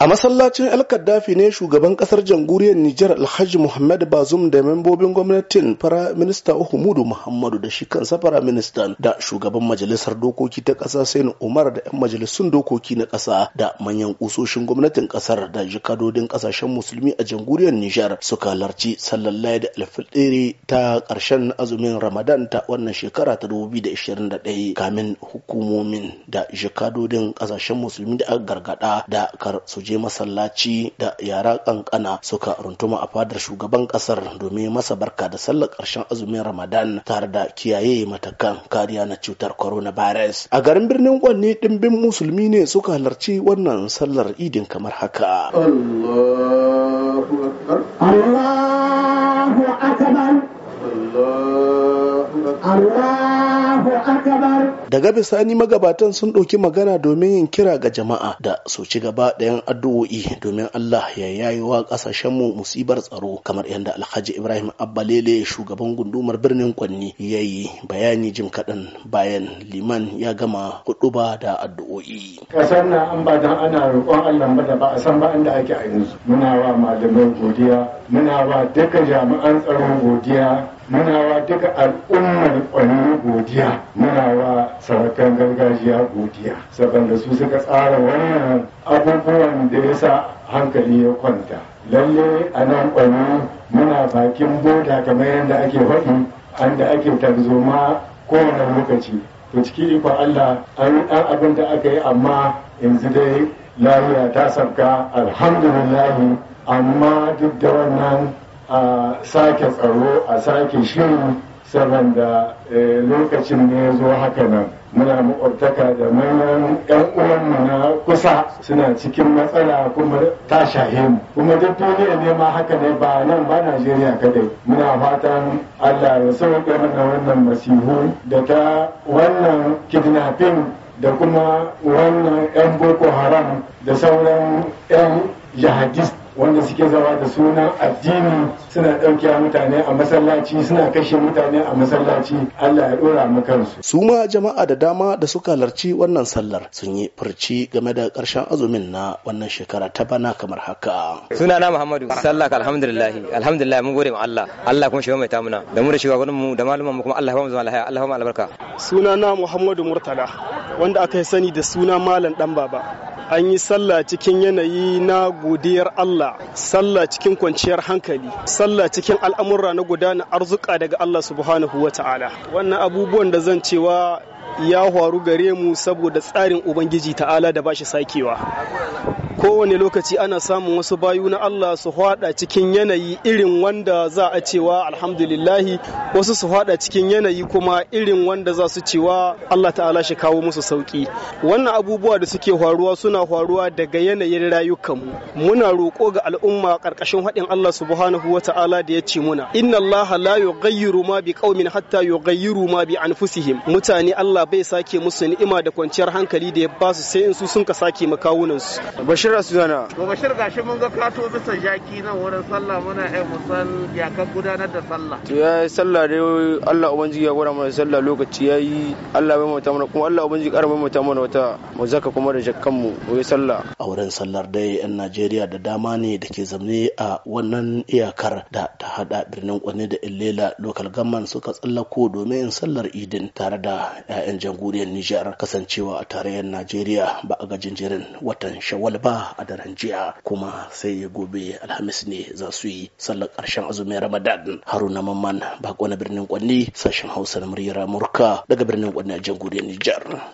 A masallacin El Kaddafi ne shugaban kasar jamhuriyar Nijar Alhaji Muhammad Bazum da membobin gwamnatin fara minista Uhumudu Muhammadu da shi kansa fara ministan da shugaban majalisar dokoki ta ƙasa Umar da 'yan majalisun dokoki na ƙasa da manyan kusoshin gwamnatin ƙasar da jikadodin kasashen musulmi a jamhuriyar Nijar suka halarci sallar layi da alfitiri ta karshen azumin Ramadan ta wannan shekara ta 2021 kamin hukumomin da jikadodin kasashen musulmi da aka gargada da kar je masallaci da yara kankana suka runtuma a fadar shugaban kasar domin masa barka da sallar karshen azumin ramadan tare da kiyaye matakan kariya na cutar coronavirus a garin birnin kwanne dimbin musulmi ne suka halarci wannan sallar idin kamar haka daga bisani magabatan sun ɗauki magana domin yin kira ga jama'a da su ci gaba da yan addu'o'i domin Allah ya yayi wa mu musibar tsaro kamar yadda Alhaji Ibrahim Abbalele shugaban gundumar birnin Kwanni yayi yi bayani jim kaɗan bayan liman ya gama huɗuba da addu'o'i. Kasar na an ba dan ana roƙon Allah ba da ba a san ba inda ake a yanzu. Muna wa malamai godiya, muna wa duka jami'an tsaron godiya muna wa duka al'ummar ƙwararru godiya muna wa sarakan gargajiya godiya saboda su suka tsara wannan abubuwan da ya sa hankali ya kwanta lalle a nan ƙwararru muna bakin boda kamar yadda ake faɗi an da ake tarzoma kowane lokaci to ciki ikon allah an yi ɗan abin da aka yi amma yanzu dai lafiya ta sabka alhamdulillahi amma duk da wannan a sake tsaro a sake shirin saboda eh, lokacin ne ya zo haka nan muna makwabtaka da manyan yan uwanmu na kusa suna cikin matsala kuma ta shahe mu kuma duk duniya ne ma haka ne ba nan ba najeriya kadai muna fatan allah ya sauke mana wannan masihu da ta wannan kidnapping da kuma wannan yan boko haram da sauran yan jihadist wanda suke zama da sunan addini suna ɗauke mutane a masallaci suna kashe mutane a masallaci Allah ya ɗora mu kansu. Su ma jama'a da dama da suka halarci wannan sallar sun yi furci game da ƙarshen azumin na wannan shekara ta bana kamar haka. Suna na Muhammadu sallaka alhamdulillah alhamdulillah mun gode ma Allah Allah kuma shi mai tamuna da mu da shugaban mu da malaman mu kuma Allah ba mu zama lafiya Allah ba mu albarka. Suna na Muhammadu Murtala wanda aka sani da suna Malam Dan Baba. An yi sallah cikin yanayi na godiyar Allah sallah cikin kwanciyar hankali sallah cikin al'amurra na gudana arzuka daga Allah subhanahu wa ta'ala wannan abubuwan da zan cewa ya faru gare mu saboda tsarin ubangiji ta'ala da bashi sakewa kowane lokaci ana samun wasu bayu na Allah su hada cikin yanayi irin wanda za a cewa alhamdulillahi wasu su hada cikin yanayi kuma irin wanda za su cewa Allah ta'ala shi kawo musu sauki wannan abubuwa da suke faruwa suna faruwa daga yanayin rayukanmu muna roƙo ga al'umma ƙarƙashin haɗin Allah subhanahu wa ta'ala da ya ce muna inna Allah la yughayyiru ma bi qaumin hatta yughayyiru ma bi anfusihim mutane Allah bai sake musu ni'ima da kwanciyar hankali da ya ba su sai in su sun ka sake makawunansu Bashir Asudana. To Bashir gashi mun ga kato bisa jaki nan wurin sallah muna ya musan ya ka gudanar da sallah. To ya yi sallah dai Allah ubangiji ya gwada mana sallah lokaci yi Allah bai mata mana kuma Allah ubangiji karba mata mana wata mu zaka kuma da jakkan mu yi sallah. A wurin sallar dai yan Najeriya da dama ne da ke zamne a wannan iyakar da ta hada birnin Kwane da Illela lokal gamman suka tsallako domin sallar Idin tare da 'ya'yan jamhuriyar Nijar kasancewa a tarayyar Najeriya ba a ga jinjirin watan Shawwal ba a daren jiya kuma sai gobe alhamis ne za su yi sallar ƙarshen azumin ramadan haruna mamman bako na birnin kwanni sashen hausa na muryar amurka daga birnin kwanni a jamhuriyar nijar